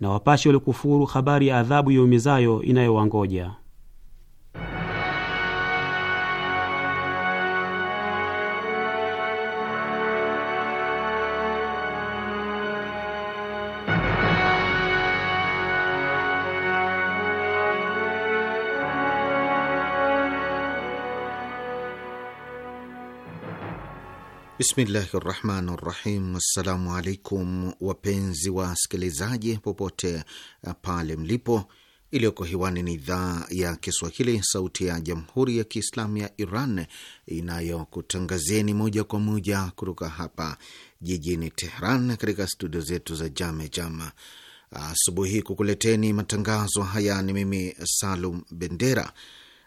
na wapashe waliokufuru habari ya adhabu yaumizayo inayowangoja. Bismillahi rahmani rahim. Assalamu alaikum wapenzi wasikilizaji popote pale mlipo. Iliyoko hewani ni idhaa ya Kiswahili sauti ya jamhuri ya Kiislamu ya Iran inayokutangazieni moja kwa moja kutoka hapa jijini Tehran katika studio zetu za Jame Jama. Asubuhi kukuleteni matangazo haya ni mimi Salum Bendera.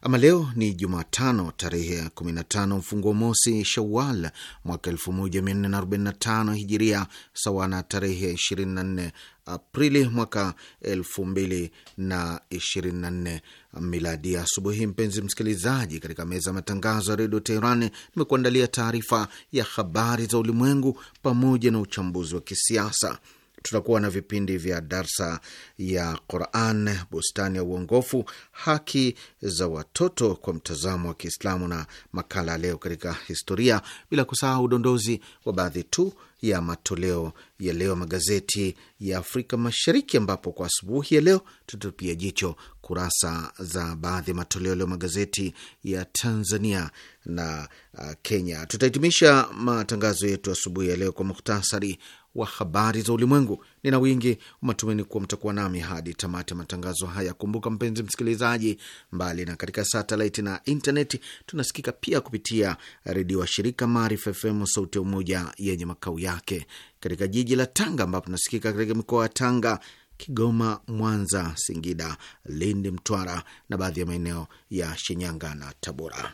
Ama leo ni Jumatano tarehe ya 15 mfungwa mosi Shawal mwaka 1445 hijiria sawa na tarehe 24 Aprili mwaka 2024 miladi. Ya asubuhi, mpenzi msikilizaji, katika meza ya matangazo ya redio Teheran nimekuandalia taarifa ya habari za ulimwengu pamoja na uchambuzi wa kisiasa tutakuwa na vipindi vya darsa ya Quran, bustani ya uongofu, haki za watoto kwa mtazamo wa Kiislamu na makala leo katika historia, bila kusahau udondozi wa baadhi tu ya matoleo ya leo magazeti ya Afrika Mashariki, ambapo kwa asubuhi ya leo tutatupia jicho kurasa za baadhi ya matoleo leo magazeti ya Tanzania na uh, Kenya. Tutahitimisha matangazo yetu asubuhi ya leo kwa muhtasari wa habari za ulimwengu. Nina wingi wa matumaini kuwa mtakuwa nami hadi tamati ya matangazo haya. Kumbuka mpenzi msikilizaji, mbali na katika satelaiti na intaneti, tunasikika pia kupitia redio wa shirika Maarifa FM Sauti ya Umoja yenye makao yake katika jiji la Tanga, ambapo tunasikika katika mikoa ya Tanga, Kigoma, Mwanza, Singida, Lindi, Mtwara na baadhi ya maeneo ya Shinyanga na Tabora.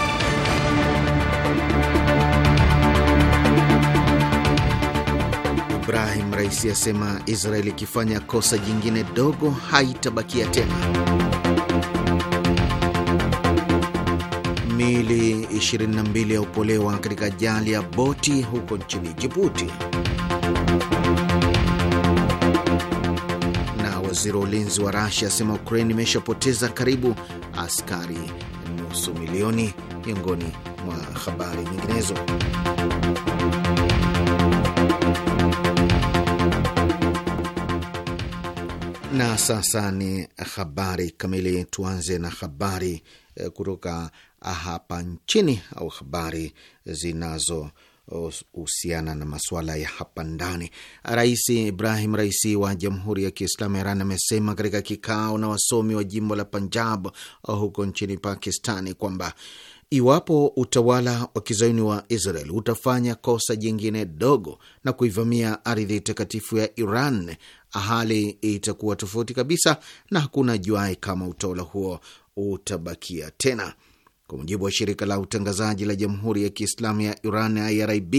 Ibrahim Raisi asema Israeli ikifanya kosa jingine dogo haitabakia tena. Mili 22 yaopolewa katika ajali ya boti huko nchini Jibuti. Na waziri wa ulinzi wa Rasia asema Ukraini imeshapoteza karibu askari nusu milioni, miongoni mwa habari nyinginezo. sasa ni habari kamili. Tuanze na habari eh, kutoka ah, hapa nchini au habari zinazo husiana na masuala ya hapa ndani. Rais Ibrahim Raisi wa Jamhuri ya Kiislamu ya Iran amesema katika kikao na wasomi wa jimbo la Punjab eh, huko nchini Pakistani kwamba iwapo utawala wa kizayuni wa Israel utafanya kosa jingine dogo na kuivamia ardhi takatifu ya Iran hali itakuwa tofauti kabisa, na hakuna juai kama utawala huo utabakia tena. Kwa mujibu wa shirika la utangazaji la Jamhuri ya Kiislamu ya Iran IRIB,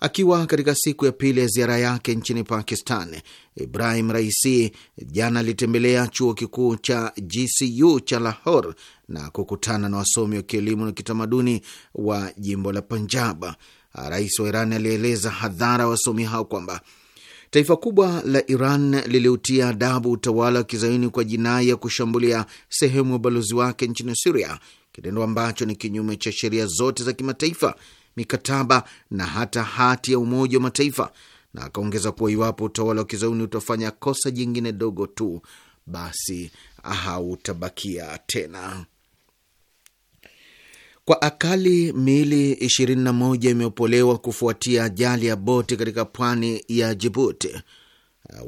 akiwa katika siku ya pili ya ziara yake nchini Pakistan, Ibrahim Raisi jana alitembelea chuo kikuu cha GCU cha Lahore na kukutana na wasomi wa kielimu na kitamaduni wa jimbo la Panjab. Rais wa Iran alieleza hadhara wasomi hao kwamba Taifa kubwa la Iran liliutia adabu utawala wa kizaini kwa jinai ya kushambulia sehemu ya ubalozi wake nchini Siria, kitendo ambacho ni kinyume cha sheria zote za kimataifa, mikataba na hata hati ya Umoja wa Mataifa, na akaongeza kuwa iwapo utawala wa kizaini utafanya kosa jingine dogo tu, basi hautabakia tena. Kwa akali miili 21 imeopolewa kufuatia ajali ya boti katika pwani ya Jibuti. Uh,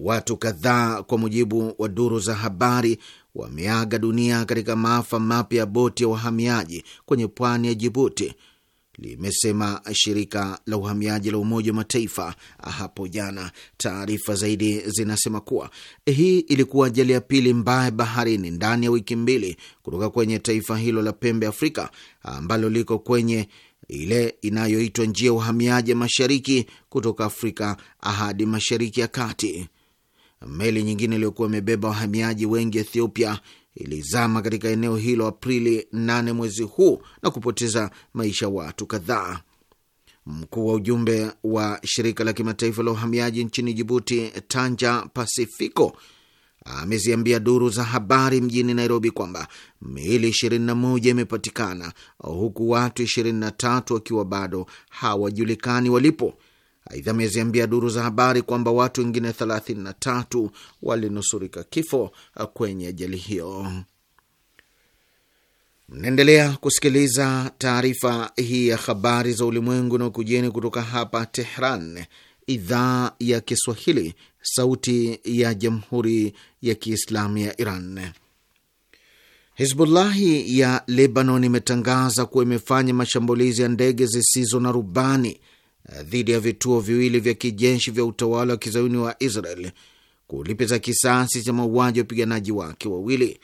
watu kadhaa, kwa mujibu wa duru za habari, wameaga dunia katika maafa mapya ya boti ya wahamiaji kwenye pwani ya Jibuti limesema shirika la uhamiaji la Umoja wa Mataifa hapo jana. Taarifa zaidi zinasema kuwa hii ilikuwa ajali ya pili mbaya baharini ndani ya wiki mbili kutoka kwenye taifa hilo la pembe Afrika ambalo liko kwenye ile inayoitwa njia ya uhamiaji mashariki kutoka Afrika hadi mashariki ya kati. Meli nyingine iliyokuwa imebeba wahamiaji wengi Ethiopia ilizama katika eneo hilo Aprili 8 mwezi huu na kupoteza maisha watu kadhaa. Mkuu wa ujumbe wa shirika la kimataifa la uhamiaji nchini Jibuti, Tanja Pacifico, ameziambia duru za habari mjini Nairobi kwamba miili 21 imepatikana huku watu 23 wakiwa bado hawajulikani walipo Aidha, ameziambia duru za habari kwamba watu wengine 33 walinusurika kifo kwenye ajali hiyo. Mnaendelea kusikiliza taarifa hii ya habari za ulimwengu na ukujeni kutoka hapa Tehran, idhaa ya Kiswahili, sauti ya jamhuri ya kiislamu ya Iran. Hizbullahi ya Lebanon imetangaza kuwa imefanya mashambulizi ya ndege zisizo na rubani dhidi ya vituo viwili vya kijeshi vya utawala wa kizayuni wa Israel kulipiza kisasi cha mauaji ya wapiganaji wake wawili.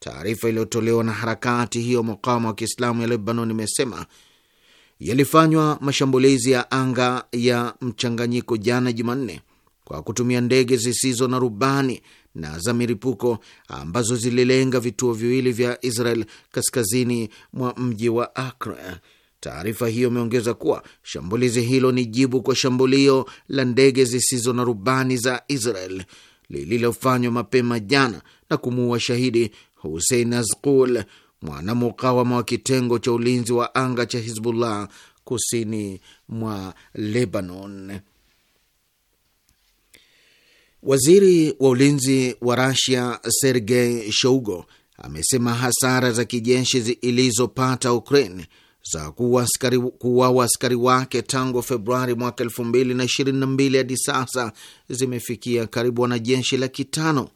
Taarifa iliyotolewa na harakati hiyo mukawama wa Kiislamu ya Lebanon imesema yalifanywa mashambulizi ya anga ya mchanganyiko jana Jumanne kwa kutumia ndege zisizo na rubani na za miripuko ambazo zililenga vituo viwili vya Israel kaskazini mwa mji wa Akra Taarifa hiyo imeongeza kuwa shambulizi hilo ni jibu kwa shambulio la ndege zisizo na rubani za Israel lililofanywa mapema jana na kumuua shahidi Hussein Azqul, mwanamukawama wa kitengo cha ulinzi wa anga cha Hizbullah kusini mwa Lebanon. Waziri wa ulinzi wa Rasia Sergei shougo amesema hasara za kijeshi zilizopata Ukraine za kuwa askari wake tangu Februari mwaka elfu mbili na ishirini na mbili hadi sasa zimefikia karibu wanajeshi laki tano.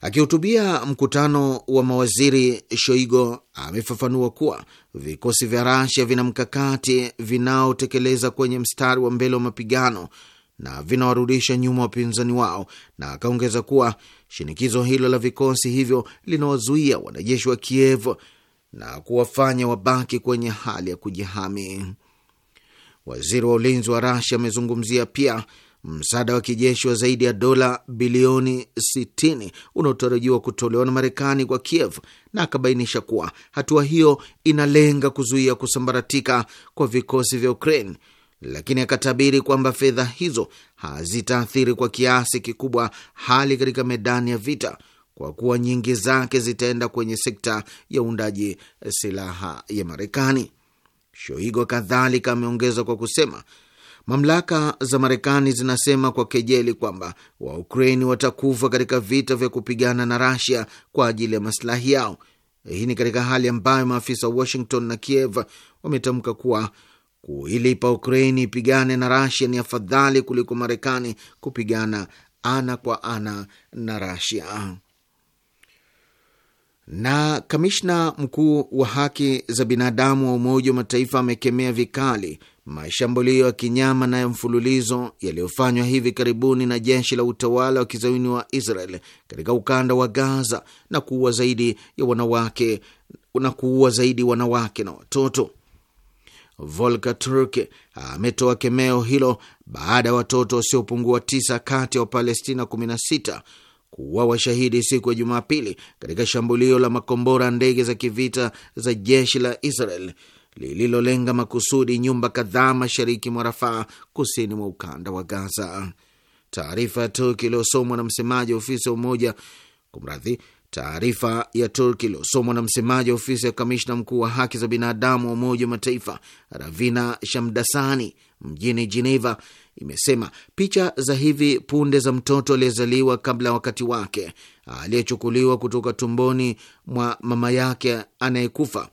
Akihutubia mkutano wa mawaziri, Shoigo amefafanua kuwa vikosi vya Rasia vina mkakati vinaotekeleza kwenye mstari wa mbele wa mapigano na vinawarudisha nyuma wapinzani wao, na akaongeza kuwa shinikizo hilo la vikosi hivyo linawazuia wanajeshi wa Kiev na kuwafanya wabaki kwenye hali ya kujihami. Waziri wa ulinzi wa Rasia amezungumzia pia msaada wa kijeshi wa zaidi ya dola bilioni 60 unaotarajiwa kutolewa na Marekani kwa Kiev na akabainisha kuwa hatua hiyo inalenga kuzuia kusambaratika kwa vikosi vya Ukraine, lakini akatabiri kwamba fedha hizo hazitaathiri kwa kiasi kikubwa hali katika medani ya vita kwa kuwa nyingi zake zitaenda kwenye sekta ya uundaji silaha ya Marekani. Shoigo kadhalika ameongeza kwa kusema mamlaka za Marekani zinasema kwa kejeli kwamba Waukraini watakufa katika vita vya kupigana na Rasia kwa ajili ya masilahi yao. Hii ni katika hali ambayo maafisa wa Washington na Kiev wametamka kuwa kuilipa Ukraini ipigane na Rasia ni afadhali kuliko Marekani kupigana ana kwa ana na Rasia. Na kamishna mkuu wa haki za binadamu wa Umoja wa Mataifa amekemea vikali mashambulio ya kinyama na ya mfululizo yaliyofanywa hivi karibuni na jeshi la utawala wa kizayuni wa Israel katika ukanda wa Gaza na kuua zaidi ya wanawake na kuua zaidi wanawake na watoto. Volker Turk ametoa kemeo hilo baada ya watoto wasiopungua tisa kati ya Wapalestina 16 kuwa washahidi siku ya Jumapili katika shambulio la makombora ndege za kivita za jeshi la Israel lililolenga makusudi nyumba kadhaa mashariki mwa Rafaa, kusini mwa ukanda wa Gaza. Taarifa ya Turki iliyosomwa na msemaji wa ofisi ya Umoja kumradhi, taarifa ya Turki iliyosomwa na msemaji wa ofisi ya kamishna mkuu wa haki za binadamu wa Umoja wa Mataifa Ravina Shamdasani mjini jineva imesema picha za hivi punde za mtoto aliyezaliwa kabla ya wakati wake aliyechukuliwa kutoka tumboni mwa mama yake anayekufa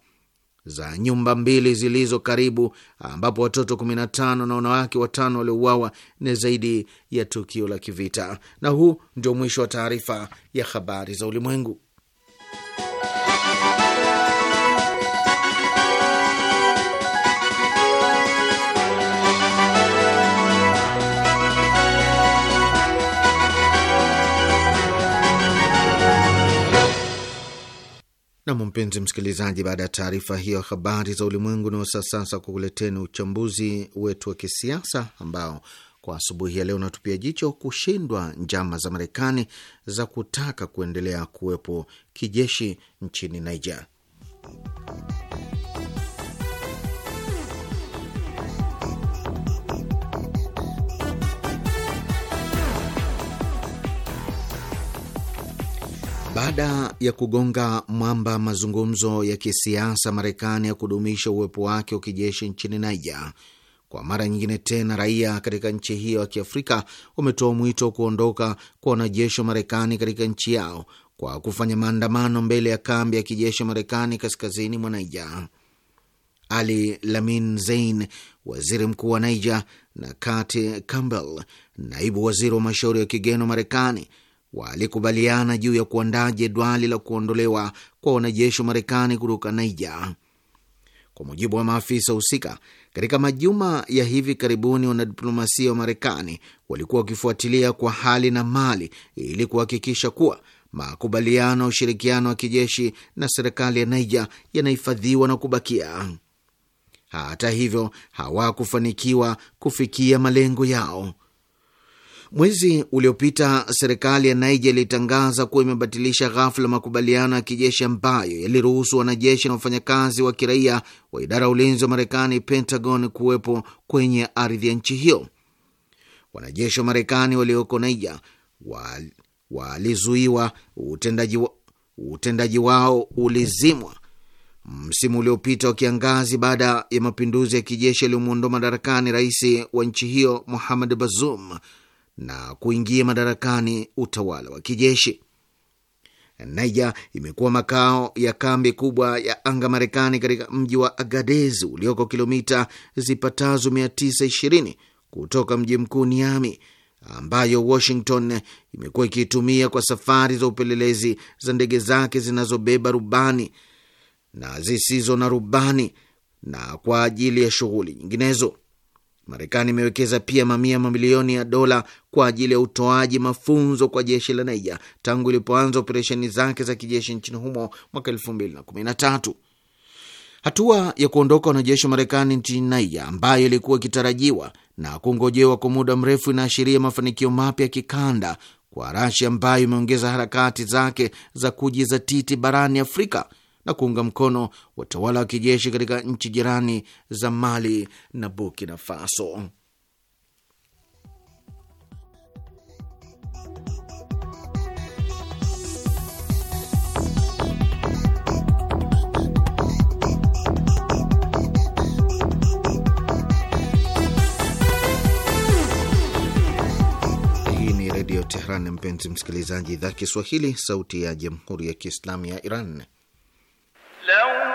za nyumba mbili zilizo karibu ambapo watoto 15 na wanawake watano waliouawa ni zaidi ya tukio la kivita. Na huu ndio mwisho wa taarifa ya habari za ulimwengu. Nam, mpenzi msikilizaji, baada ya taarifa hiyo habari za ulimwengu, na sasa kukuleteni uchambuzi wetu wa kisiasa ambao kwa asubuhi ya leo unatupia jicho kushindwa njama za Marekani za kutaka kuendelea kuwepo kijeshi nchini Niger. Baada ya kugonga mwamba mazungumzo ya kisiasa Marekani ya kudumisha uwepo wake wa kijeshi nchini Naija, kwa mara nyingine tena raia katika nchi hiyo ya Kiafrika wametoa mwito wa kuondoka kwa wanajeshi wa Marekani katika nchi yao kwa kufanya maandamano mbele ya kambi ya kijeshi ya Marekani kaskazini mwa Naija. Ali Lamin Zein, waziri mkuu wa niger na Kate Campbell, naibu waziri wa mashauri ya kigeni wa Marekani walikubaliana juu ya kuandaa jedwali la kuondolewa kwa wanajeshi wa Marekani kutoka Naija. Kwa mujibu wa maafisa husika, katika majuma ya hivi karibuni, wanadiplomasia wa Marekani walikuwa wakifuatilia kwa hali na mali ili kuhakikisha kuwa makubaliano ya ushirikiano wa kijeshi na serikali ya Naija yanahifadhiwa na kubakia. Hata hivyo, hawakufanikiwa kufikia malengo yao. Mwezi uliopita serikali ya Niger ilitangaza kuwa imebatilisha ghafula makubaliano ya kijeshi ambayo yaliruhusu wanajeshi na wafanyakazi wa kiraia wa idara ya ulinzi wa Marekani, Pentagon, kuwepo kwenye ardhi ya nchi hiyo. Wanajeshi wa Marekani walioko Niger walizuiwa, utendaji, wa, utendaji wao ulizimwa msimu uliopita wa kiangazi baada ya mapinduzi ya kijeshi yaliyomwondoa madarakani rais wa nchi hiyo Mohamed Bazoum na kuingia madarakani utawala wa kijeshi. Naija imekuwa makao ya kambi kubwa ya anga Marekani katika mji wa Agadez ulioko kilomita zipatazo 920 kutoka mji mkuu Niami, ambayo Washington imekuwa ikiitumia kwa safari za upelelezi za ndege zake zinazobeba rubani na zisizo na rubani na kwa ajili ya shughuli nyinginezo. Marekani imewekeza pia mamia mamilioni ya dola kwa ajili ya utoaji mafunzo kwa jeshi la Naija tangu ilipoanza operesheni zake za kijeshi nchini humo mwaka elfu mbili na kumi na tatu. Hatua ya kuondoka wanajeshi wa Marekani nchini Naija ambayo ilikuwa ikitarajiwa na kungojewa kwa muda mrefu inaashiria mafanikio mapya ya kikanda kwa Rasia ambayo imeongeza harakati zake za kujizatiti barani Afrika na kuunga mkono watawala wa kijeshi katika nchi jirani za Mali na Burkina Faso. Tehran. Mpenzi msikilizaji, idhaa Kiswahili, sauti ya jamhuri ya kiislamu ya Iran. لو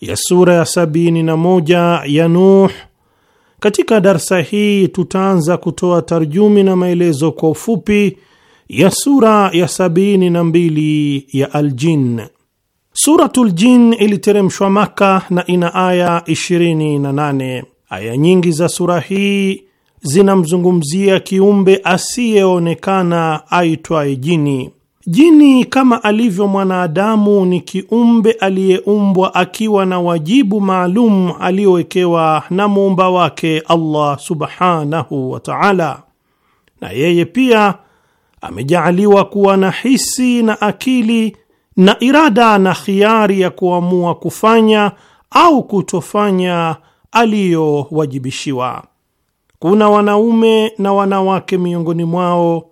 ya sura ya sabini na moja ya Nuh. Katika darsa hii tutaanza kutoa tarjumi na maelezo kwa ufupi ya sura ya sabini na mbili ya Aljin. Suratul Jin iliteremshwa Maka na ina aya 28. Aya nyingi za sura hii zinamzungumzia kiumbe asiyeonekana aitwaye jini. Jini kama alivyo mwanadamu ni kiumbe aliyeumbwa akiwa na wajibu maalum aliyowekewa na muumba wake Allah subhanahu wa ta'ala, na yeye pia amejaaliwa kuwa na hisi na akili na irada na khiari ya kuamua kufanya au kutofanya aliyowajibishiwa. Kuna wanaume na wanawake miongoni mwao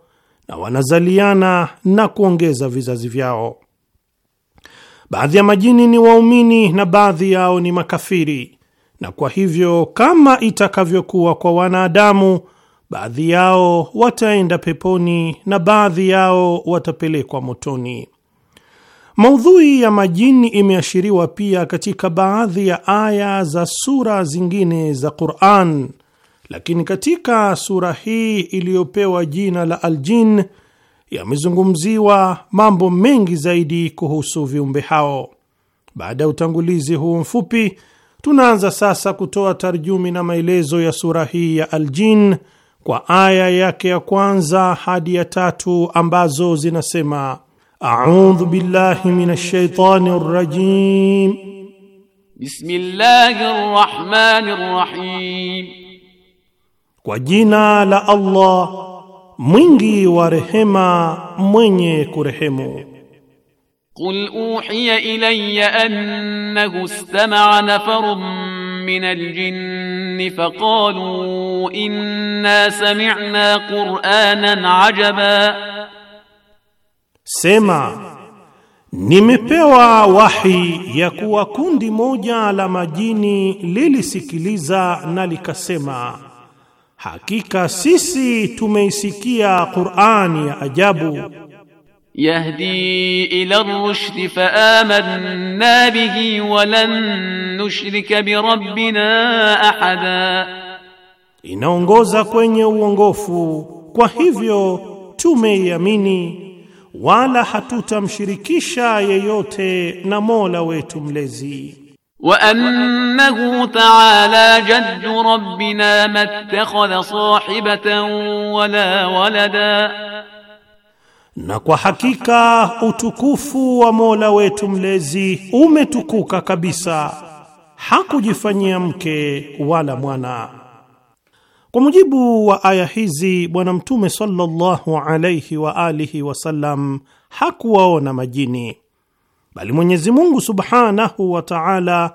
na wanazaliana na kuongeza vizazi vyao. Baadhi ya majini ni waumini na baadhi yao ni makafiri, na kwa hivyo kama itakavyokuwa kwa wanadamu, baadhi yao wataenda peponi na baadhi yao watapelekwa motoni. Maudhui ya majini imeashiriwa pia katika baadhi ya aya za sura zingine za Qur'an lakini katika sura hii iliyopewa jina la Aljin yamezungumziwa mambo mengi zaidi kuhusu viumbe hao. Baada ya utangulizi huu mfupi, tunaanza sasa kutoa tarjumi na maelezo ya sura hii ya Aljin kwa aya yake ya kwanza hadi ya tatu ambazo zinasema: audhu billahi minash rajim, bismillahi rahmanir rahim kwa jina la Allah mwingi wa rehema, mwenye kurehemu. Qul uhiya ilayya annahu istama'a nafarun min aljinn faqalu inna sami'na qur'anan ajaba, sema nimepewa wahi ya kuwa kundi moja la majini lilisikiliza na likasema Hakika sisi tumeisikia Qur'ani ya ajabu. Yahdi ila rushd fa amanna bihi wa lan nushrika bi rabbina ahada, inaongoza kwenye uongofu, kwa hivyo tumeiamini wala hatutamshirikisha yeyote na Mola wetu mlezi. وأنه تعالى جد ربنا ما اتخذ صاحبة ولا ولدا na kwa hakika utukufu wa Mola wetu mlezi umetukuka kabisa, hakujifanyia mke wala mwana. Kwa mujibu wa aya hizi, Bwana Mtume sallallahu alayhi wa alihi wasallam hakuwaona majini bali Mwenyezi Mungu subhanahu wa taala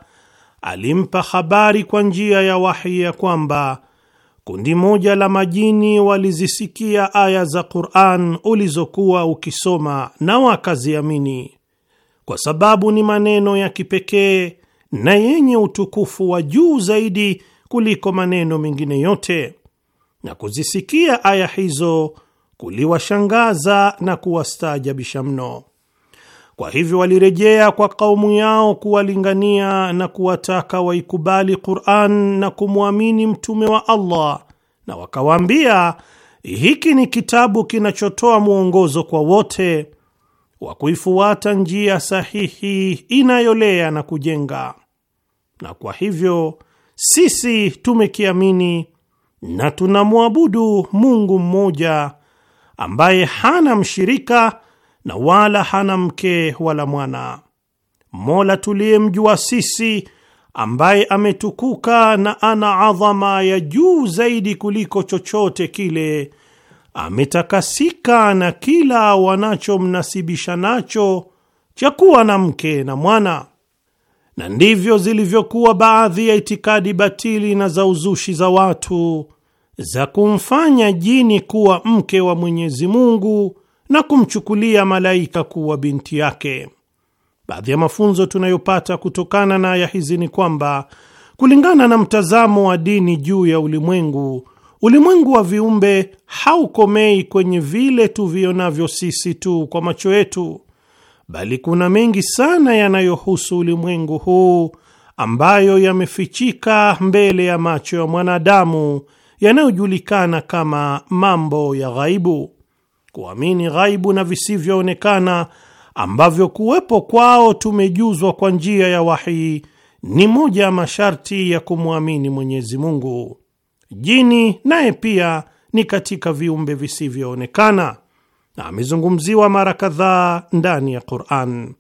alimpa habari kwa njia ya wahi ya kwamba kundi moja la majini walizisikia aya za Qur'an ulizokuwa ukisoma na wakaziamini, kwa sababu ni maneno ya kipekee na yenye utukufu wa juu zaidi kuliko maneno mengine yote, na kuzisikia aya hizo kuliwashangaza na kuwastaajabisha mno. Kwa hivyo walirejea kwa kaumu yao kuwalingania na kuwataka waikubali Qur'an na kumwamini mtume wa Allah, na wakawaambia hiki ni kitabu kinachotoa mwongozo kwa wote wa kuifuata njia sahihi inayolea na kujenga, na kwa hivyo sisi tumekiamini na tunamwabudu Mungu mmoja ambaye hana mshirika na wala hana mke wala mwana. Mola tuliyemjua sisi, ambaye ametukuka na ana adhama ya juu zaidi kuliko chochote kile, ametakasika na kila wanachomnasibisha nacho cha kuwa na mke na mwana. Na ndivyo zilivyokuwa baadhi ya itikadi batili na za uzushi za watu za kumfanya jini kuwa mke wa Mwenyezi Mungu na kumchukulia malaika kuwa binti yake. Baadhi ya mafunzo tunayopata kutokana na aya hizi ni kwamba kulingana na mtazamo wa dini juu ya ulimwengu, ulimwengu wa viumbe haukomei kwenye vile tuvionavyo sisi tu kwa macho yetu, bali kuna mengi sana yanayohusu ulimwengu huu ambayo yamefichika mbele ya macho ya mwanadamu, yanayojulikana kama mambo ya ghaibu kuamini ghaibu na visivyoonekana ambavyo kuwepo kwao tumejuzwa kwa njia ya wahi ni moja ya masharti ya kumwamini Mwenyezi Mungu. Jini naye pia ni katika viumbe visivyoonekana na amezungumziwa mara kadhaa ndani ya Qur'an.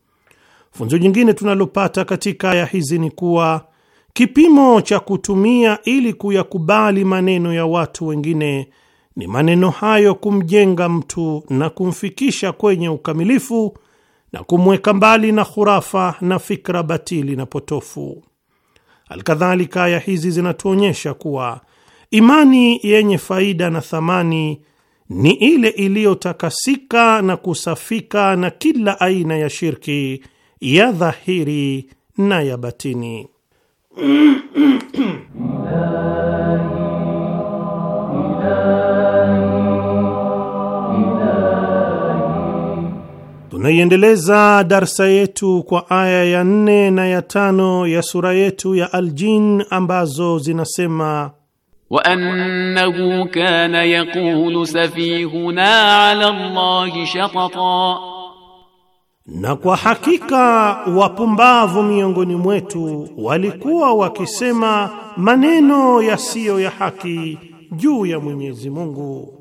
Funzo jingine tunalopata katika aya hizi ni kuwa kipimo cha kutumia ili kuyakubali maneno ya watu wengine ni maneno hayo kumjenga mtu na kumfikisha kwenye ukamilifu na kumweka mbali na khurafa na fikra batili na potofu. Alkadhalika, aya hizi zinatuonyesha kuwa imani yenye faida na thamani ni ile iliyotakasika na kusafika na kila aina ya shirki ya dhahiri na ya batini. Tunaiendeleza darsa yetu kwa aya ya nne na ya tano ya sura yetu ya Aljin ambazo zinasema wa annahu kana yaqulu safihuna ala Allahi shatata, na kwa hakika wapumbavu miongoni mwetu walikuwa wakisema maneno yasiyo ya haki juu ya Mwenyezi Mungu.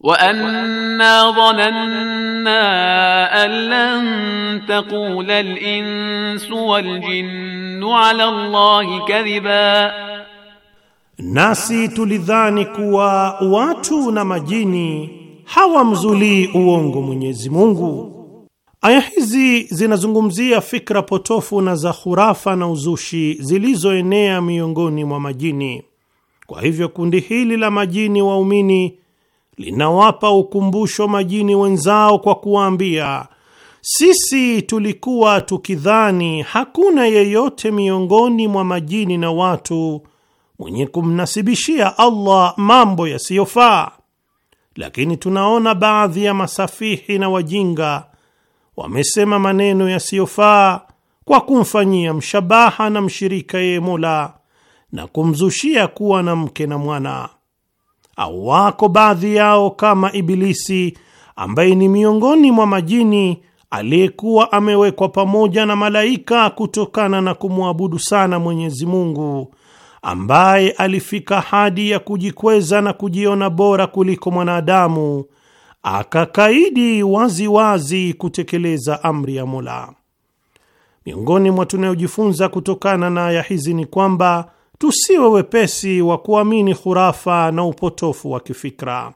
Wa anna dhanna an lan taqula al-insu wal-jinnu ala Allahi kadhiba, nasi tulidhani kuwa watu na majini hawamzulii uongo Mwenyezi Mungu. Aya hizi zinazungumzia fikra potofu na za khurafa na uzushi zilizoenea miongoni mwa majini. Kwa hivyo kundi hili la majini waumini linawapa ukumbusho majini wenzao kwa kuwaambia, sisi tulikuwa tukidhani hakuna yeyote miongoni mwa majini na watu mwenye kumnasibishia Allah mambo yasiyofaa, lakini tunaona baadhi ya masafihi na wajinga wamesema maneno yasiyofaa kwa kumfanyia mshabaha na mshirika yeye Mola na kumzushia kuwa na mke na mwana. Au wako baadhi yao kama Ibilisi ambaye ni miongoni mwa majini aliyekuwa amewekwa pamoja na malaika kutokana na kumwabudu sana Mwenyezi Mungu, ambaye alifika hadi ya kujikweza na kujiona bora kuliko mwanadamu, akakaidi waziwazi wazi kutekeleza amri ya Mola. Miongoni mwa tunayojifunza kutokana na aya hizi ni kwamba tusiwe wepesi wa kuamini hurafa na upotofu wa kifikra.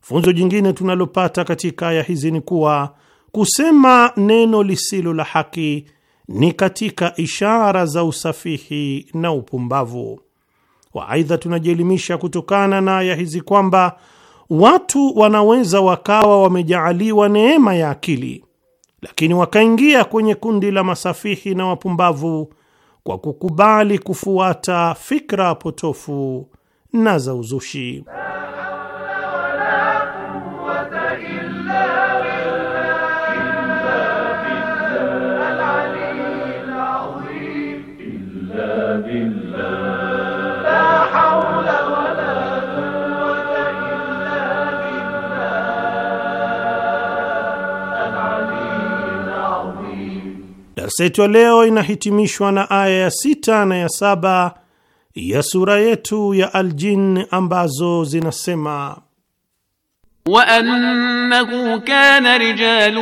Funzo jingine tunalopata katika aya hizi ni kuwa kusema neno lisilo la haki ni katika ishara za usafihi na upumbavu. Waaidha, tunajielimisha kutokana na aya hizi kwamba watu wanaweza wakawa wamejaaliwa neema ya akili, lakini wakaingia kwenye kundi la masafihi na wapumbavu kwa kukubali kufuata fikra potofu na za uzushi. Darsa yetu ya leo inahitimishwa na aya ya sita na ya saba ya sura yetu ya Aljin ambazo zinasema وأنه kana رجال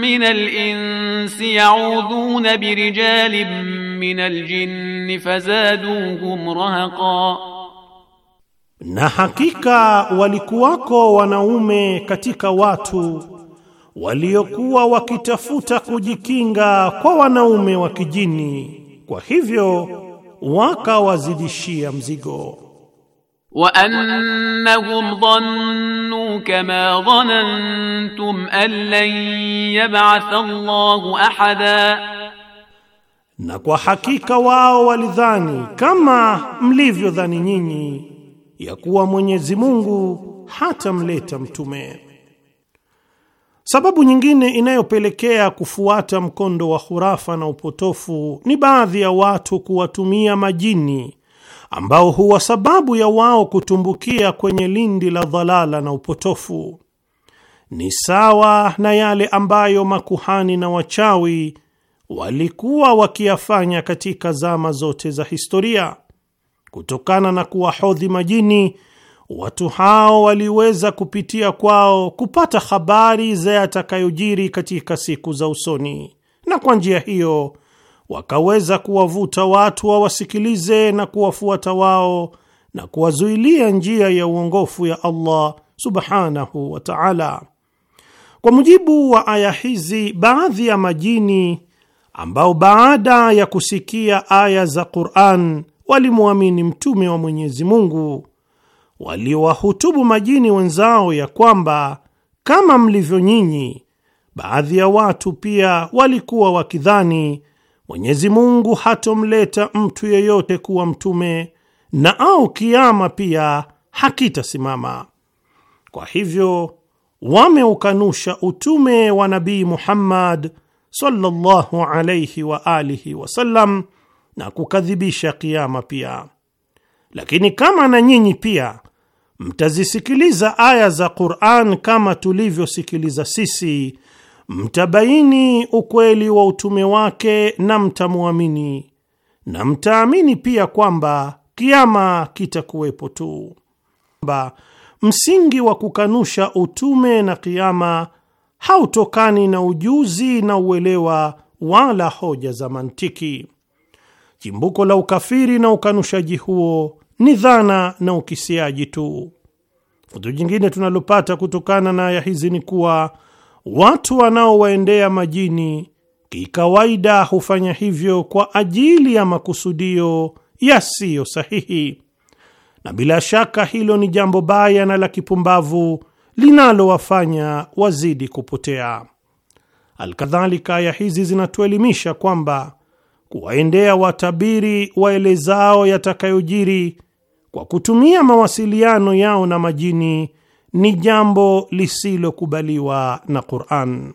من alinsi يعوذون برجال من الجن fazaduhum رهقا na hakika walikuwako wanaume katika watu waliokuwa wakitafuta kujikinga kwa wanaume wa kijini, kwa hivyo wakawazidishia mzigo. wa annahum dhannu kama dhanantum an lan yab'ath Allahu ahada, na kwa hakika wao walidhani kama mlivyodhani nyinyi ya kuwa Mwenyezi Mungu hatamleta mtume. Sababu nyingine inayopelekea kufuata mkondo wa hurafa na upotofu ni baadhi ya watu kuwatumia majini ambao huwa sababu ya wao kutumbukia kwenye lindi la dhalala na upotofu. Ni sawa na yale ambayo makuhani na wachawi walikuwa wakiyafanya katika zama zote za historia. Kutokana na kuwahodhi majini watu hao waliweza kupitia kwao kupata habari za yatakayojiri katika siku za usoni, na kwa njia hiyo wakaweza kuwavuta watu wawasikilize na kuwafuata wao na kuwazuilia njia ya uongofu ya Allah subhanahu wa ta'ala. Kwa mujibu wa aya hizi, baadhi ya majini ambao baada ya kusikia aya za Qur'an walimwamini mtume wa Mwenyezi Mungu waliowahutubu majini wenzao ya kwamba kama mlivyo nyinyi, baadhi ya watu pia walikuwa wakidhani Mwenyezi Mungu hatomleta mtu yeyote kuwa mtume na au kiama pia hakitasimama. Kwa hivyo wameukanusha utume wa Nabii Muhammad sallallahu alayhi wa alihi wasallam na kukadhibisha kiama pia. Lakini kama na nyinyi pia mtazisikiliza aya za Qur'an kama tulivyosikiliza sisi, mtabaini ukweli wa utume wake na mtamwamini, na mtaamini pia kwamba kiama kitakuwepo tu, kwamba msingi wa kukanusha utume na kiama hautokani na ujuzi na uelewa wala hoja za mantiki. Chimbuko la ukafiri na ukanushaji huo ni dhana na ukisiaji tu. Funzo jingine tunalopata kutokana na aya hizi ni kuwa watu wanaowaendea majini kikawaida hufanya hivyo kwa ajili ya makusudio yasiyo sahihi, na bila shaka hilo ni jambo baya na la kipumbavu linalowafanya wazidi kupotea. Alkadhalika, aya hizi zinatuelimisha kwamba kuwaendea watabiri waelezao yatakayojiri kwa kutumia mawasiliano yao na majini ni jambo lisilokubaliwa na Qur'an.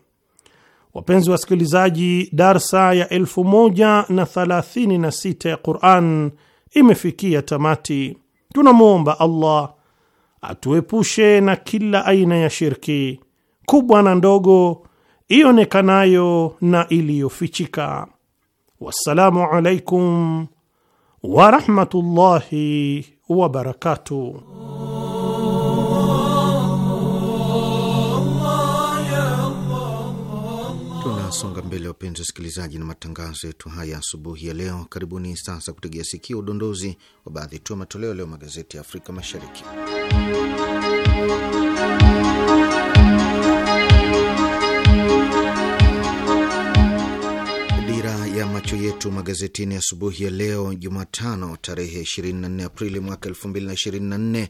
Wapenzi wasikilizaji, darsa ya 1036 ya Qur'an imefikia tamati. Tunamwomba Allah atuepushe na kila aina ya shirki kubwa na ndogo, ionekanayo na iliyofichika. Wassalamu alaikum wa rahmatullahi wabarakatuh. Tunasonga mbele, wapenzi wasikilizaji, na matangazo yetu haya asubuhi ya leo. Karibuni sasa kutegea sikio udondozi wa baadhi tu ya matoleo leo magazeti ya Afrika Mashariki. macho yetu magazetini asubuhi ya leo Jumatano tarehe 24 Aprili mwaka 2024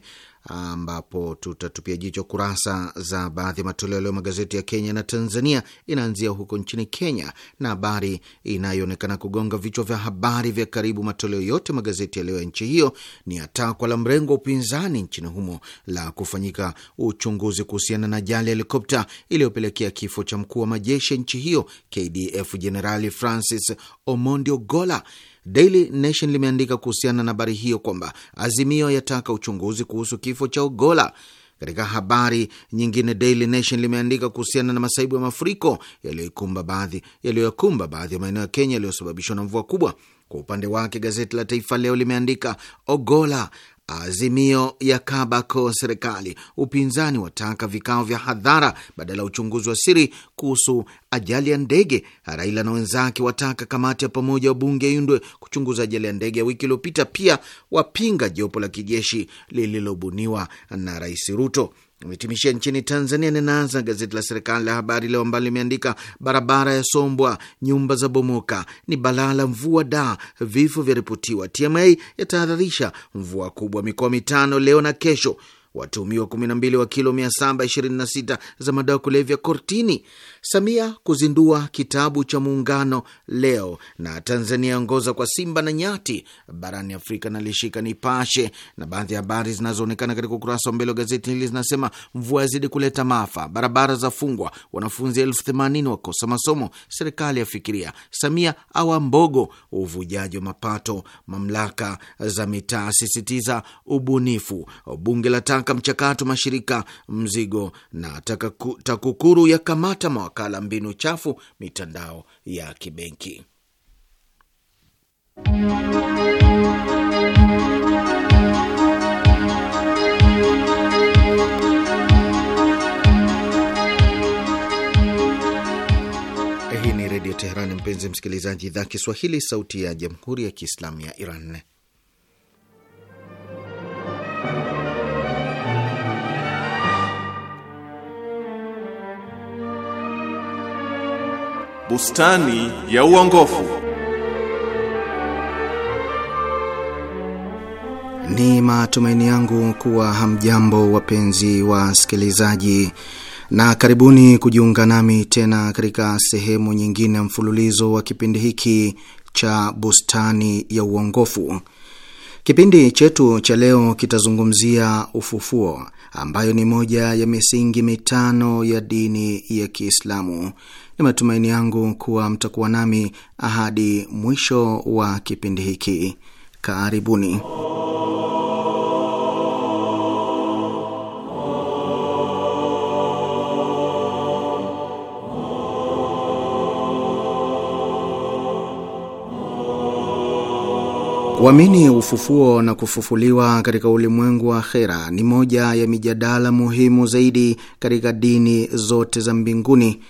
ambapo tutatupia jicho kurasa za baadhi ya matoleo yaliyo magazeti ya Kenya na Tanzania. Inaanzia huko nchini Kenya, na habari inayoonekana kugonga vichwa vya habari vya karibu matoleo yote magazeti yaliyo ya nchi hiyo ni atakwa la mrengo wa upinzani nchini humo la kufanyika uchunguzi kuhusiana na ajali ya helikopta iliyopelekea kifo cha mkuu wa majeshi ya nchi hiyo KDF Jenerali Francis Omondi Ogola. Daily Nation limeandika kuhusiana na habari hiyo kwamba Azimio yataka uchunguzi kuhusu kifo cha Ogola. Katika habari nyingine, Daily Nation limeandika kuhusiana na masaibu ya mafuriko yaliyokumba baadhi yaliyoyakumba baadhi ya maeneo ya Kenya yaliyosababishwa na mvua kubwa. Kwa upande wake gazeti la Taifa Leo limeandika Ogola Azimio ya Kabako serikali. Upinzani wataka vikao vya hadhara badala ya uchunguzi wa siri kuhusu ajali ya ndege. Raila na wenzake wataka kamati ya pamoja wa bunge iundwe kuchunguza ajali ya ndege ya wiki iliyopita. Pia wapinga jopo la kijeshi lililobuniwa na Rais Ruto. Imetimishia nchini Tanzania. Ninaanza gazeti la serikali la Habari Leo ambalo limeandika barabara ya sombwa, nyumba za bomoka, ni balaa la mvua da, vifo vyaripotiwa. TMA yatahadharisha mvua kubwa mikoa mitano leo na kesho. Watuhumiwa 12 wa kilo 726 za madawa kulevya kortini. Samia kuzindua kitabu cha Muungano leo, na Tanzania yaongoza kwa simba na nyati barani Afrika. Nalishika Nipashe na baadhi ya habari zinazoonekana katika ukurasa wa mbele wa gazeti hili zinasema: mvua yazidi kuleta maafa, barabara fungwa, wanafunzi elfu themanini wakosa masomo, serikali yafikiria, Samia awa mbogo, uvujaji wa mapato, mamlaka za mitaa sisitiza ubunifu, bunge taka mchakato mashirika mzigo, na TAKUKURU yakamata makala mbinu chafu mitandao ya kibenki. Hii ni Redio Teheran, mpenzi msikilizaji, idhaa Kiswahili, sauti ya Jamhuri ya Kiislamu ya Iran. bustani ya uongofu. Ni matumaini yangu kuwa hamjambo wapenzi wa wasikilizaji, na karibuni kujiunga nami tena katika sehemu nyingine ya mfululizo wa kipindi hiki cha bustani ya uongofu. Kipindi chetu cha leo kitazungumzia ufufuo, ambayo ni moja ya misingi mitano ya dini ya Kiislamu ni matumaini yangu kuwa mtakuwa nami hadi mwisho wa kipindi hiki. Karibuni. Kuamini ufufuo na kufufuliwa katika ulimwengu wa akhera ni moja ya mijadala muhimu zaidi katika dini zote za mbinguni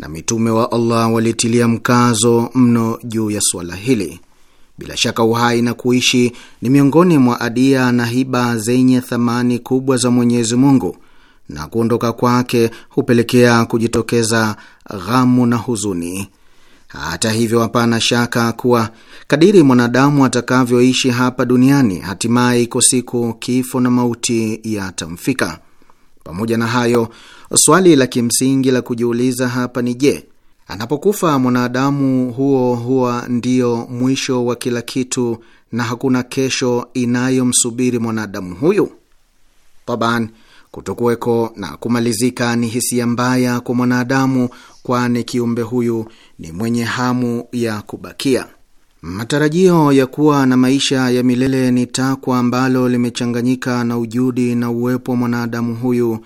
na mitume wa Allah walitilia mkazo mno juu ya suala hili. Bila shaka uhai na kuishi ni miongoni mwa adia na hiba zenye thamani kubwa za Mwenyezi Mungu, na kuondoka kwake hupelekea kujitokeza ghamu na huzuni. Hata hivyo, hapana shaka kuwa kadiri mwanadamu atakavyoishi hapa duniani, hatimaye iko siku kifo na mauti yatamfika. Pamoja na hayo Swali la kimsingi la kujiuliza hapa ni je, anapokufa mwanadamu huo huwa ndio mwisho wa kila kitu na hakuna kesho inayomsubiri mwanadamu huyu? Taban, kutokuweko na kumalizika ni hisia mbaya kwa mwanadamu, kwani kiumbe huyu ni mwenye hamu ya kubakia. Matarajio ya kuwa na maisha ya milele ni takwa ambalo limechanganyika na ujudi na uwepo wa mwanadamu huyu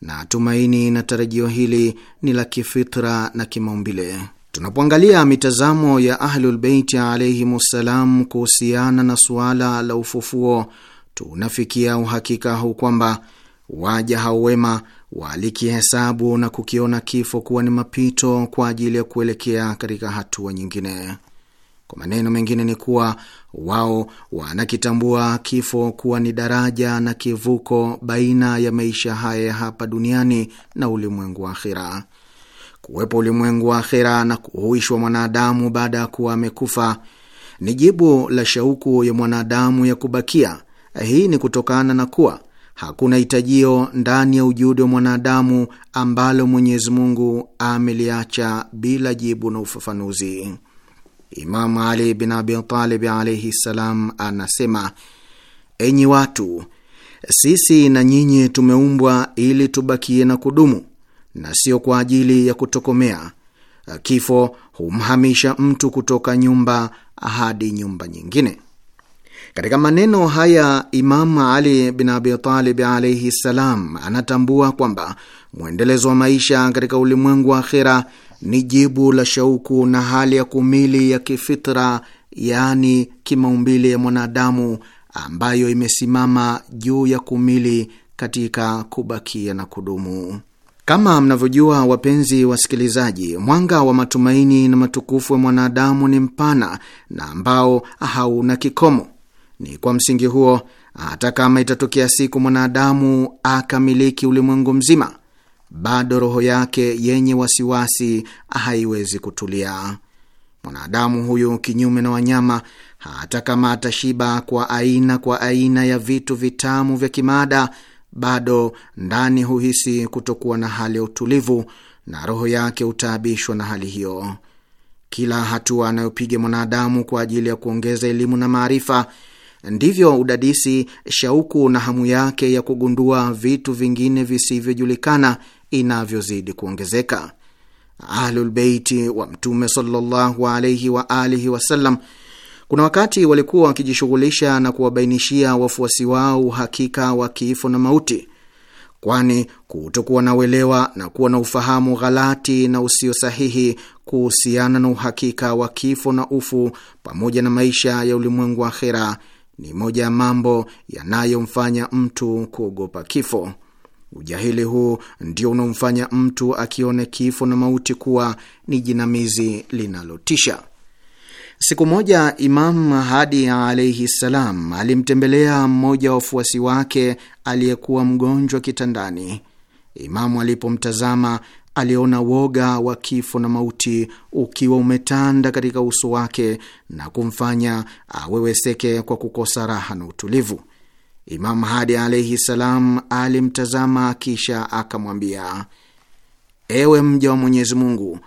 na tumaini na tarajio hili ni la kifitra na kimaumbile. Tunapoangalia mitazamo ya Ahlulbeiti ssalam kuhusiana na suala la ufufuo, tunafikia uhakika huu kwamba waja hao wema walikihesabu na kukiona kifo kuwa ni mapito kwa ajili ya kuelekea katika hatua nyingine. Kwa maneno mengine ni kuwa wao wanakitambua kifo kuwa ni daraja na kivuko baina ya maisha haya ya hapa duniani na ulimwengu wa akhira. Kuwepo ulimwengu wa akhira na kuhuishwa mwanadamu baada ya kuwa amekufa ni jibu la shauku ya mwanadamu ya kubakia. Hii ni kutokana na kuwa hakuna hitajio ndani ya ujudi wa mwanadamu ambalo Mwenyezi Mungu ameliacha bila jibu na ufafanuzi. Imam Ali bin Abi Talib alaihi ssalam anasema, enyi watu, sisi na nyinyi tumeumbwa ili tubakie na kudumu na sio kwa ajili ya kutokomea. Kifo humhamisha mtu kutoka nyumba hadi nyumba nyingine. Katika maneno haya Imamu Ali bin Abi Talib alaihi ssalam anatambua kwamba mwendelezo wa maisha katika ulimwengu wa akhera ni jibu la shauku na hali ya kumili ya kifitra, yaani kimaumbile ya mwanadamu ambayo imesimama juu ya kumili katika kubakia na kudumu. Kama mnavyojua, wapenzi wasikilizaji, mwanga wa matumaini na matukufu ya mwanadamu ni mpana na ambao hauna kikomo. Ni kwa msingi huo, hata kama itatokea siku mwanadamu akamiliki ulimwengu mzima bado roho yake yenye wasiwasi haiwezi kutulia. Mwanadamu huyu, kinyume na wanyama, hata kama atashiba kwa aina kwa aina ya vitu vitamu vya kimaada, bado ndani huhisi kutokuwa na hali ya utulivu na roho yake hutaabishwa na hali hiyo. Kila hatua anayopiga mwanadamu kwa ajili ya kuongeza elimu na maarifa, ndivyo udadisi, shauku na hamu yake ya kugundua vitu vingine visivyojulikana inavyozidi kuongezeka. Ahlulbeiti wa Mtume sallallahu alaihi wa alihi wasallam kuna wakati walikuwa wakijishughulisha na kuwabainishia wafuasi wao uhakika wa kifo na mauti, kwani kutokuwa na uelewa na kuwa na ufahamu ghalati na usio sahihi kuhusiana na uhakika wa kifo na ufu pamoja na maisha ya ulimwengu wa akhera ni moja ya mambo yanayomfanya mtu kuogopa kifo. Ujahili huu ndio unaomfanya mtu akione kifo na mauti kuwa ni jinamizi linalotisha. Siku moja imamu Hadi alaihi ssalam alimtembelea mmoja wa wafuasi wake aliyekuwa mgonjwa kitandani. Imamu alipomtazama aliona woga wa kifo na mauti ukiwa umetanda katika uso wake na kumfanya aweweseke kwa kukosa raha na utulivu. Imam Hadi alaihi salam alimtazama kisha akamwambia, ewe mja wa Mwenyezi Mungu,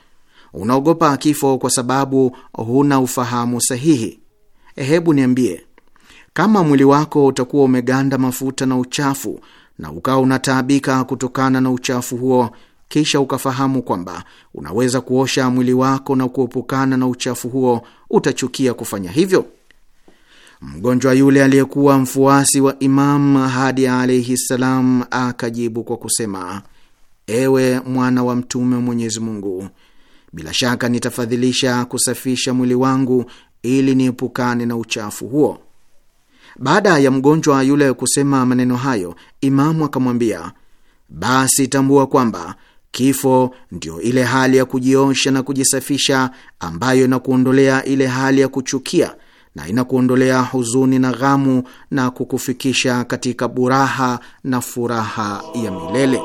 unaogopa kifo kwa sababu huna ufahamu sahihi. Hebu niambie, kama mwili wako utakuwa umeganda mafuta na uchafu na ukawa unataabika kutokana na uchafu huo, kisha ukafahamu kwamba unaweza kuosha mwili wako na kuepukana na uchafu huo, utachukia kufanya hivyo? Mgonjwa yule aliyekuwa mfuasi wa Imam Hadi alaihi ssalam akajibu kwa kusema, ewe mwana wa mtume wa Mwenyezi Mungu, bila shaka nitafadhilisha kusafisha mwili wangu ili niepukane na uchafu huo. Baada ya mgonjwa yule kusema maneno hayo, Imamu akamwambia, basi tambua kwamba kifo ndio ile hali ya kujiosha na kujisafisha ambayo inakuondolea ile hali ya kuchukia na inakuondolea huzuni na ghamu na kukufikisha katika buraha na furaha ya milele.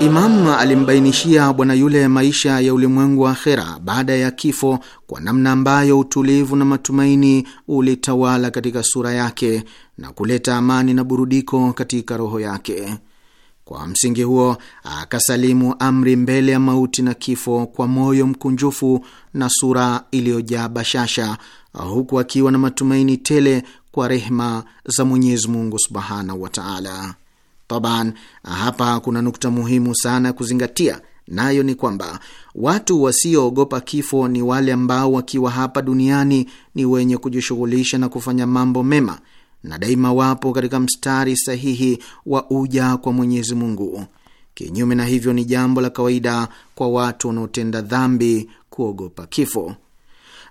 Imamu alimbainishia bwana yule maisha ya ulimwengu wa akhera baada ya kifo kwa namna ambayo utulivu na matumaini ulitawala katika sura yake na kuleta amani na burudiko katika roho yake. Kwa msingi huo akasalimu amri mbele ya mauti na kifo kwa moyo mkunjufu na sura iliyojaa bashasha, huku akiwa na matumaini tele kwa rehma za Mwenyezi Mungu subhanahu wa taala. Taban, hapa kuna nukta muhimu sana ya kuzingatia, nayo ni kwamba watu wasioogopa kifo ni wale ambao wakiwa hapa duniani ni wenye kujishughulisha na kufanya mambo mema na daima wapo katika mstari sahihi wa uja kwa Mwenyezi Mungu. Kinyume na hivyo, ni jambo la kawaida kwa watu wanaotenda dhambi kuogopa kifo.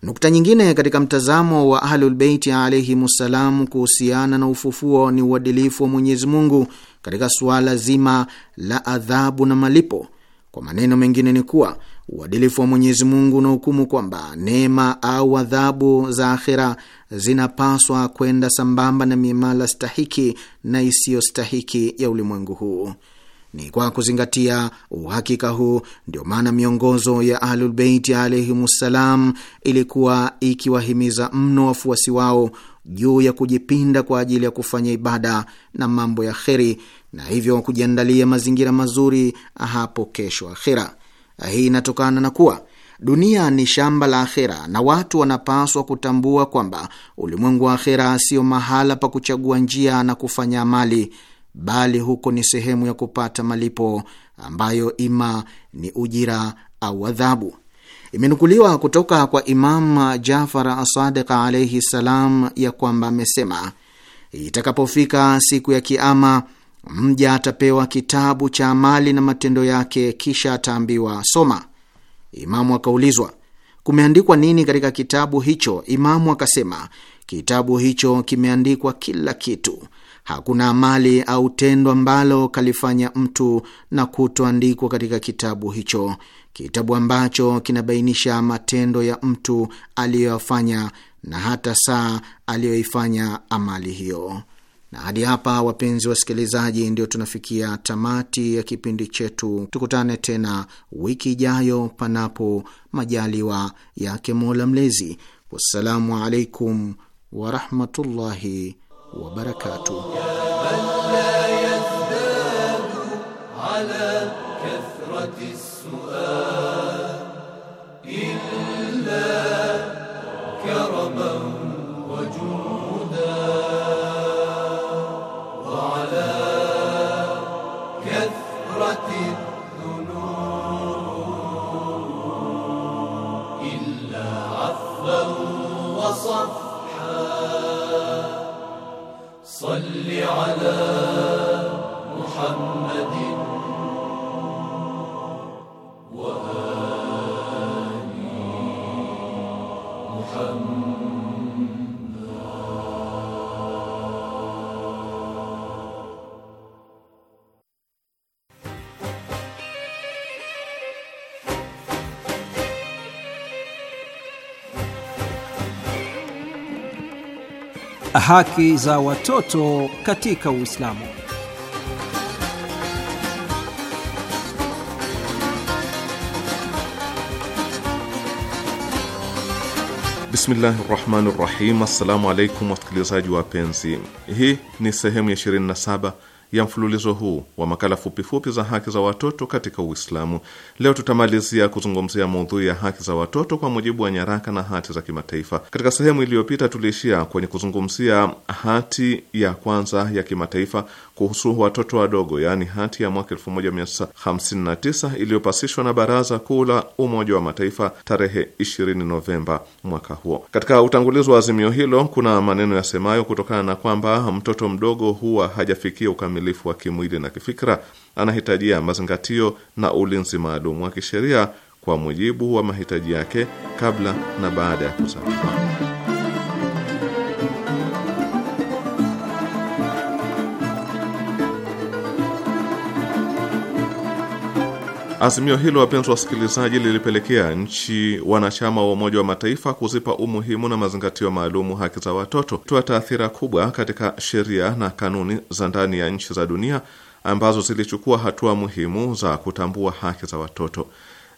Nukta nyingine katika mtazamo wa Ahlulbeiti alaihimussalam kuhusiana na ufufuo ni uadilifu wa Mwenyezi Mungu katika suala zima la adhabu na malipo. Kwa maneno mengine ni kuwa Uadilifu wa Mwenyezi Mungu unahukumu kwamba neema au adhabu za akhira zinapaswa kwenda sambamba na miamala stahiki na isiyostahiki ya ulimwengu huu. Ni kwa kuzingatia uhakika huu ndio maana miongozo ya Ahlulbeiti alaihimussalam ilikuwa ikiwahimiza mno wafuasi wao juu ya kujipinda kwa ajili ya kufanya ibada na mambo ya kheri, na hivyo kujiandalia mazingira mazuri hapo kesho akhira. Eh, hii inatokana na kuwa dunia ni shamba la akhera na watu wanapaswa kutambua kwamba ulimwengu wa akhera sio mahala pa kuchagua njia na kufanya amali, bali huko ni sehemu ya kupata malipo ambayo ima ni ujira au adhabu. Imenukuliwa kutoka kwa Imam Jafar Asadiq alaihi salam ya kwamba amesema, itakapofika siku ya Kiama, Mja atapewa kitabu cha amali na matendo yake, kisha ataambiwa soma. Imamu akaulizwa kumeandikwa nini katika kitabu hicho? Imamu akasema kitabu hicho kimeandikwa kila kitu, hakuna amali au tendo ambalo kalifanya mtu na kutoandikwa katika kitabu hicho, kitabu ambacho kinabainisha matendo ya mtu aliyoyafanya na hata saa aliyoifanya amali hiyo. Na hadi hapa, wapenzi wasikilizaji, ndio tunafikia tamati ya kipindi chetu. Tukutane tena wiki ijayo, panapo majaliwa yake Mola Mlezi. Wassalamu alaikum warahmatullahi wabarakatuh. haki za watoto katika Uislamu. Bismillahi rahmani rahim. Assalamu alaikum wasikilizaji wapenzi, hii ni sehemu ya 27 ya mfululizo huu wa makala fupifupi za haki za watoto katika Uislamu. Leo tutamalizia kuzungumzia maudhui ya haki za watoto kwa mujibu wa nyaraka na hati za kimataifa. Katika sehemu iliyopita, tuliishia kwenye kuzungumzia hati ya kwanza ya kimataifa kuhusu watoto wadogo, yaani hati ya mwaka 1959 iliyopasishwa na Baraza Kuu la Umoja wa Mataifa tarehe 20 Novemba mwaka huo. Katika utangulizi wa azimio hilo kuna maneno yasemayo, kutokana na kwamba mtoto mdogo huwa hajafikia ukamilifu wa kimwili na kifikira anahitajia mazingatio na ulinzi maalum wa kisheria kwa mujibu wa mahitaji yake kabla na baada ya kuzaliwa. Azimio hilo, wapenzi wasikilizaji, lilipelekea nchi wanachama wa Umoja wa Mataifa kuzipa umuhimu na mazingatio maalumu haki za watoto, toa taathira kubwa katika sheria na kanuni za ndani ya nchi za dunia ambazo zilichukua hatua muhimu za kutambua haki za watoto.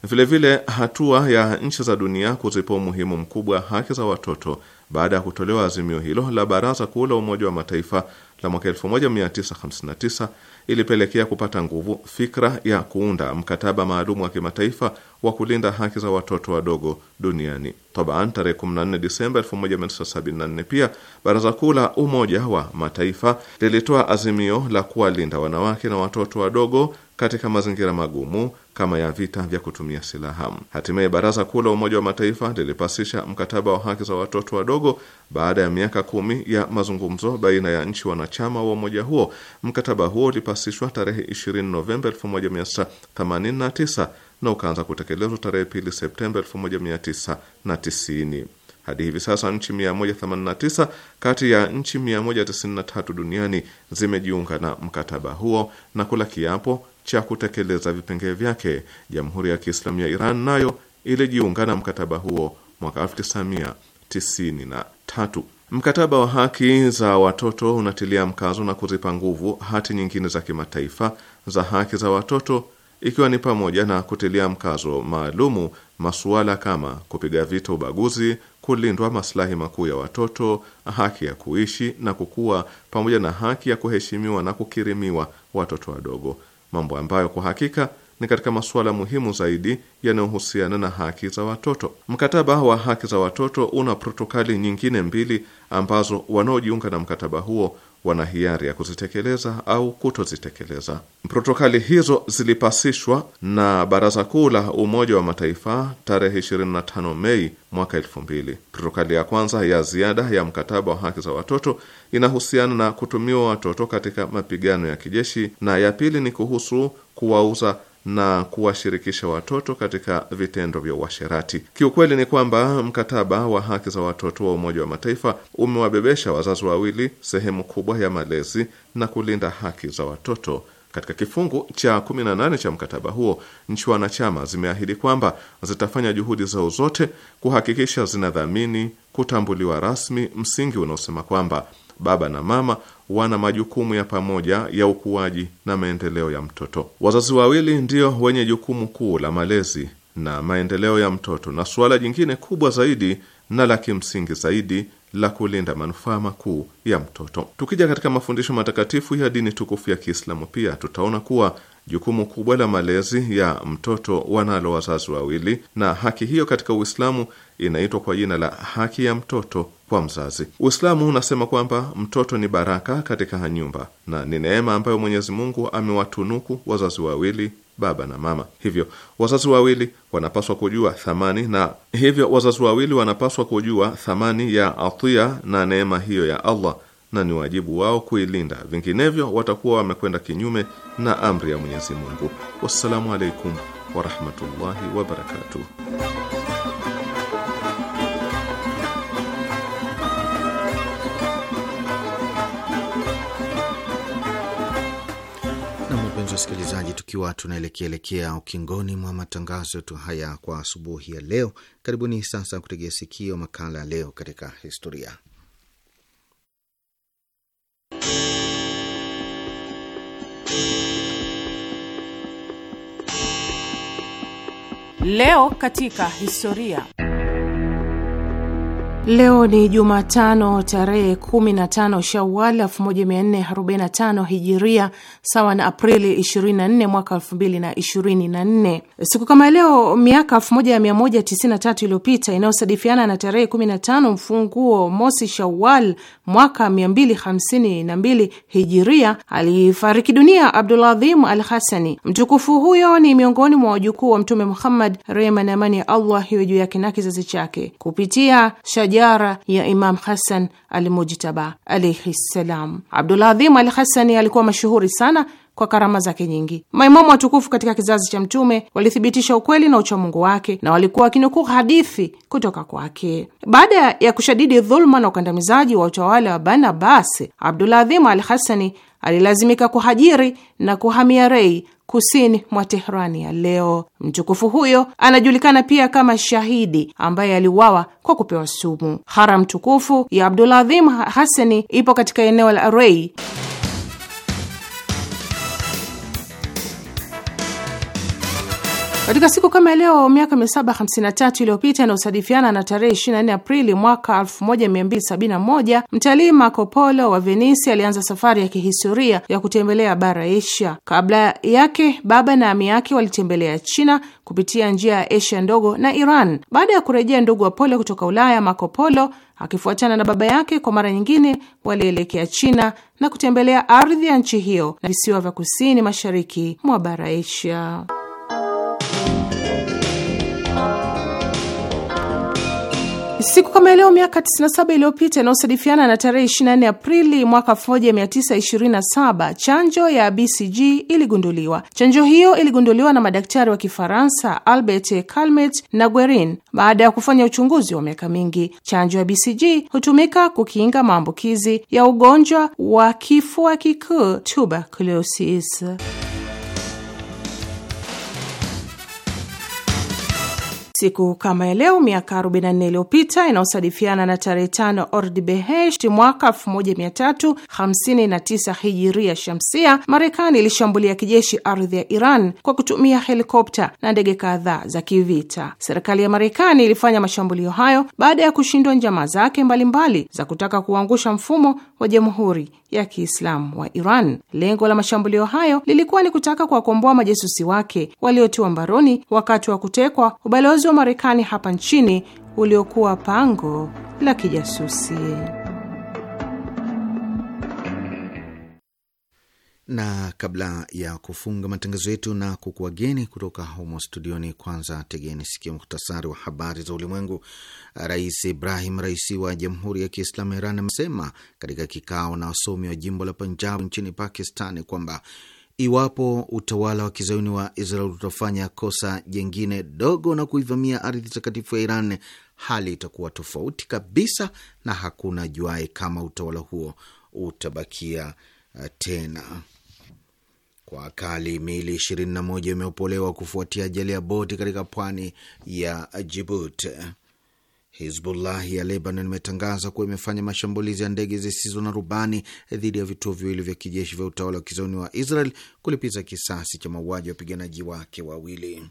Vilevile vile, hatua ya nchi za dunia kuzipa umuhimu mkubwa haki za watoto baada ya kutolewa azimio hilo la Baraza Kuu la Umoja wa Mataifa la mwaka 1959 ilipelekea kupata nguvu fikra ya kuunda mkataba maalum wa kimataifa wa kulinda haki za watoto wadogo duniani. Tabaan, tarehe 14 Disemba 1974 pia Baraza Kuu la Umoja wa Mataifa lilitoa azimio la kuwalinda wanawake na watoto wadogo katika mazingira magumu kama ya vita vya kutumia silaha. Hatimaye Baraza Kuu la Umoja wa Mataifa lilipasisha mkataba wa haki za watoto wadogo baada ya miaka kumi ya mazungumzo baina ya nchi wanachama wa umoja huo. Mkataba huo ulipasishwa tarehe 20 Novemba 1989 na ukaanza kutekelezwa tarehe pili Septemba 1990. Hadi hivi sasa nchi 189 kati ya nchi 193 duniani zimejiunga na mkataba huo na kula kiapo cha kutekeleza vipengee vyake. Jamhuri ya Kiislamu ya Iran nayo ilijiunga na mkataba huo mwaka 1993. Mkataba wa haki za watoto unatilia mkazo na kuzipa nguvu hati nyingine za kimataifa za haki za watoto ikiwa ni pamoja na kutilia mkazo maalumu masuala kama kupiga vita ubaguzi, kulindwa maslahi makuu ya watoto, haki ya kuishi na kukua, pamoja na haki ya kuheshimiwa na kukirimiwa watoto wadogo mambo ambayo kwa hakika ni katika masuala muhimu zaidi yanayohusiana na haki za watoto. Mkataba wa haki za watoto una protokali nyingine mbili ambazo wanaojiunga na mkataba huo wana hiari ya kuzitekeleza au kutozitekeleza. Protokali hizo zilipasishwa na Baraza Kuu la Umoja wa Mataifa tarehe 25 Mei mwaka 2000. Protokali ya kwanza ya ziada ya mkataba wa haki za watoto inahusiana na kutumiwa watoto katika mapigano ya kijeshi na ya pili ni kuhusu kuwauza na kuwashirikisha watoto katika vitendo vya uasherati. Kiukweli ni kwamba mkataba wa haki za watoto wa Umoja wa Mataifa umewabebesha wazazi wawili sehemu kubwa ya malezi na kulinda haki za watoto. Katika kifungu cha 18 cha mkataba huo, nchi wanachama zimeahidi kwamba zitafanya juhudi zao zote kuhakikisha zinadhamini kutambuliwa rasmi msingi unaosema kwamba baba na mama wana majukumu ya pamoja ya ukuaji na maendeleo ya mtoto. Wazazi wawili ndio wenye jukumu kuu la malezi na maendeleo ya mtoto, na suala jingine kubwa zaidi na la kimsingi zaidi la kulinda manufaa makuu ya mtoto. Tukija katika mafundisho matakatifu ya dini tukufu ya Kiislamu, pia tutaona kuwa jukumu kubwa la malezi ya mtoto wanalo wazazi wawili, na haki hiyo katika Uislamu inaitwa kwa jina la haki ya mtoto kwa mzazi. Uislamu unasema kwamba mtoto ni baraka katika nyumba na ni neema ambayo Mwenyezi Mungu amewatunuku wazazi wawili, baba na mama. Hivyo wazazi wawili wanapaswa kujua thamani na hivyo wazazi wawili wanapaswa kujua thamani ya atia na neema hiyo ya Allah na ni wajibu wao kuilinda, vinginevyo watakuwa wamekwenda kinyume na amri ya Mwenyezi Mungu. Wassalamu alaikum warahmatullahi wabarakatuh. Wapenzi wasikilizaji, tukiwa tunaelekeaelekea ukingoni mwa matangazo yetu haya kwa asubuhi ya leo, karibuni sasa kutegea sikio makala ya leo katika historia. Leo katika historia Leo ni Jumatano tarehe 15 Shawal 1445 Hijiria, sawa na Aprili 24 mwaka 2024. Siku kama leo miaka 1193 iliyopita inayosadifiana na tarehe 15 mfunguo mosi Shawal mwaka 252 hijiria alifariki dunia Abduladhim al Hasani. Mtukufu huyo ni miongoni mwa wajukuu wa Mtume Muhammad, rehma na amani ya Allah iwe juu yake na kizazi chake, kupitia shajara ya Imam Hasan al Mujtaba alaihi ssalam. Abduladhim al Hasani alikuwa mashuhuri sana kwa karama zake nyingi. Maimamu watukufu katika kizazi cha Mtume walithibitisha ukweli na uchamungu wake na walikuwa wakinukuu hadithi kutoka kwake. Baada ya kushadidi dhuluma na ukandamizaji wa utawala wa Bani Abbas, Abduladhim al Hasani alilazimika kuhajiri na kuhamia Rei, kusini mwa Teherani ya leo. Mtukufu huyo anajulikana pia kama shahidi ambaye aliuawa kwa kupewa sumu. Haram tukufu ya Abduladhim Hasani ipo katika eneo la Rei. Katika siku kama leo miaka 753 iliyopita inayosadifiana na tarehe 24 Aprili mwaka 1271 mtalii Marco Polo wa Venisi alianza safari ya kihistoria ya kutembelea bara Asia. Kabla yake, baba na ami yake walitembelea China kupitia njia ya Asia ndogo na Iran. Baada ya kurejea ndugu wa Polo kutoka Ulaya, Marco Polo akifuatana na baba yake kwa mara nyingine walielekea China na kutembelea ardhi ya nchi hiyo na visiwa vya kusini mashariki mwa bara Asia. Siku kama leo miaka 97 iliyopita inayosadifiana na tarehe 24 Aprili mwaka 1927 chanjo ya BCG iligunduliwa. Chanjo hiyo iligunduliwa na madaktari wa Kifaransa Albert Calmet na Guerin baada ya kufanya uchunguzi wa miaka mingi. Chanjo ya BCG hutumika kukinga maambukizi ya ugonjwa wa kifua kikuu tuberculosis. Siku kama ya leo miaka 44 iliyopita inayosadifiana na tarehe 5 Ordibehesht mwaka 1359 hijiria shamsia, Marekani ilishambulia kijeshi ardhi ya Iran kwa kutumia helikopta na ndege kadhaa za kivita. Serikali ya Marekani ilifanya mashambulio hayo baada ya kushindwa njama zake mbalimbali za kutaka kuangusha mfumo wa jamhuri ya Kiislamu wa Iran. Lengo la mashambulio hayo lilikuwa ni kutaka kuwakomboa majasusi wake waliotiwa mbaroni wakati wa kutekwa ubalozi wa Marekani hapa nchini uliokuwa pango la kijasusi. Na kabla ya kufunga matangazo yetu na kukuwageni kutoka humo studioni, kwanza tegeni sikia muhtasari wa habari za ulimwengu. Rais Ibrahim Raisi wa Jamhuri ya Kiislamu ya Iran amesema katika kikao na wasomi wa jimbo la Punjab nchini Pakistani kwamba Iwapo utawala wa kizayuni wa Israel utafanya kosa jengine dogo na kuivamia ardhi takatifu ya Iran, hali itakuwa tofauti kabisa, na hakuna juae kama utawala huo utabakia uh, tena. Kwa akali miili 21 imeopolewa kufuatia ajali ya boti katika pwani ya Jibuti. Hizbullah ya Lebanon imetangaza kuwa imefanya mashambulizi ya ndege zisizo na rubani dhidi ya vituo viwili vya kijeshi vya utawala wa kizayuni wa Israel kulipiza kisasi cha mauaji ya wapiganaji wake wawili.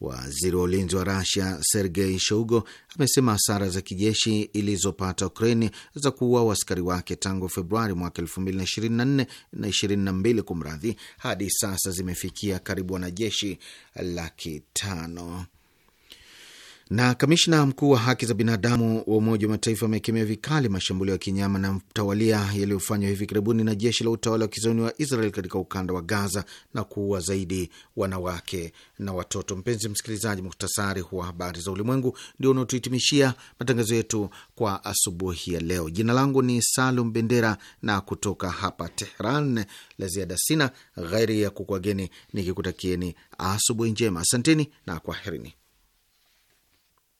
Waziri wa ulinzi wa Rasia Sergei Shougo amesema hasara za kijeshi ilizopata Ukraini za kuua askari wake tangu Februari mwaka 224 na 22 kumradhi, hadi sasa zimefikia karibu wanajeshi laki tano. Na kamishna mkuu wa haki za binadamu wa Umoja wa Mataifa amekemea vikali mashambulio ya kinyama na mtawalia yaliyofanywa hivi karibuni na jeshi la utawala wa kizoni wa Israel katika ukanda wa Gaza na kuua zaidi wanawake na watoto. Mpenzi msikilizaji, muhtasari wa habari za ulimwengu ndio unaotuhitimishia matangazo yetu kwa asubuhi ya leo. Jina langu ni Salum Bendera na kutoka hapa Tehran la ziada sina ghairi ya kukwageni nikikutakieni asubuhi njema. Asanteni na kwaherini.